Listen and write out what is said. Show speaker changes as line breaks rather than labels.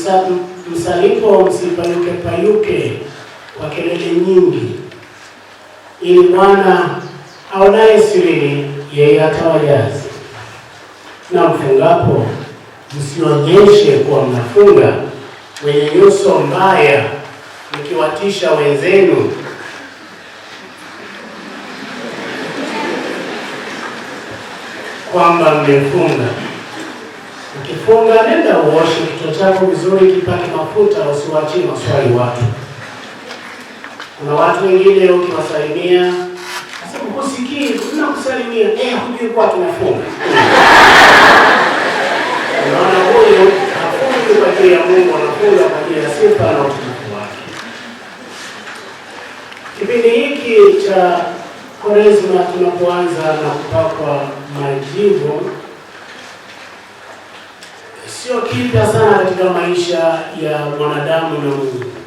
msa, msalipo msipayuke payuke kwa kelele nyingi, ili Bwana aonaye sirini yeye atawajazi. Na mfungapo msionyeshe kuwa mnafunga wenye nyuso mbaya, mkiwatisha wenzenu kwamba mmefunga Ukifunga nenda uoshe kichwa chako vizuri, kipake mafuta, usiwachie maswali watu. Kuna watu wengine ukiwasalimia kuna nakusalimia eh, hujui kuwa tunafunga. Unaona huyu hafungi kwa ajili ya Mungu, anafunga kwa ajili ya sifa na utukufu wake. Kipindi hiki cha Kwaresma tunapoanza na kupakwa majivu sio kipya sana katika maisha ya mwanadamu na Mungu.